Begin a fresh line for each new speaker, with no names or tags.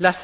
la